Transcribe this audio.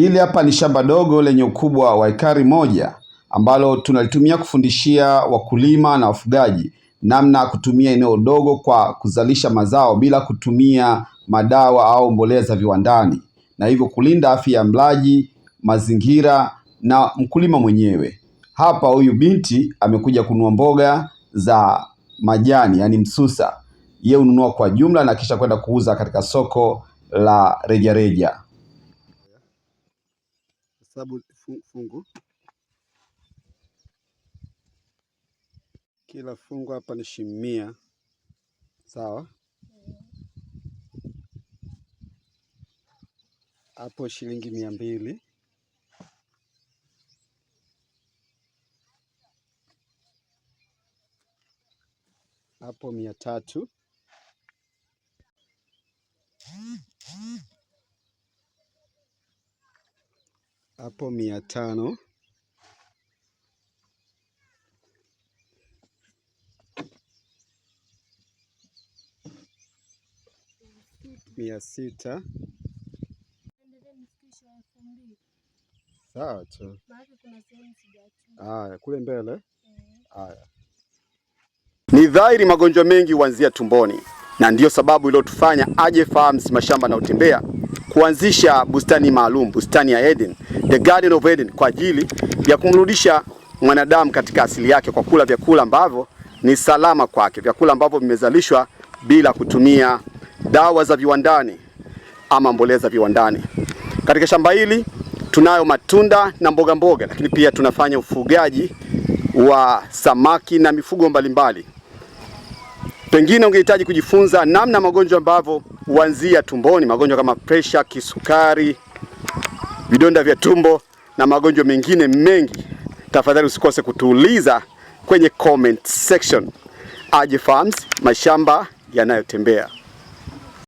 Hili hapa ni shamba dogo lenye ukubwa wa ekari moja ambalo tunalitumia kufundishia wakulima na wafugaji namna ya kutumia eneo dogo kwa kuzalisha mazao bila kutumia madawa au mbolea za viwandani, na hivyo kulinda afya ya mlaji, mazingira na mkulima mwenyewe. Hapa huyu binti amekuja kununua mboga za majani, yaani msusa. Yeye hununua kwa jumla na kisha kwenda kuuza katika soko la rejareja hesabu fungu. Kila fungu hapa ni shilingi mia, sawa? Hapo shilingi mia mbili. Hapo mia tatu. hapo mia tano mia sita sawa tu. Haya, kule mbele. Haya, ni dhahiri magonjwa mengi huanzia tumboni, na ndiyo sababu iliyotufanya aje Fahamu Si Mashamba Utembea kuanzisha bustani maalum, bustani ya Eden, the Garden of Eden, kwa ajili ya kumrudisha mwanadamu katika asili yake kwa kula vyakula ambavyo ni salama kwake, vyakula ambavyo vimezalishwa bila kutumia dawa za viwandani ama mbolea za viwandani. Katika shamba hili tunayo matunda na mboga mboga, lakini pia tunafanya ufugaji wa samaki na mifugo mbalimbali mbali. Pengine ungehitaji kujifunza namna magonjwa ambavyo huanzia tumboni, magonjwa kama presha, kisukari, vidonda vya tumbo na magonjwa mengine mengi. Tafadhali usikose kutuuliza kwenye comment section. AJE Farms, mashamba yanayotembea.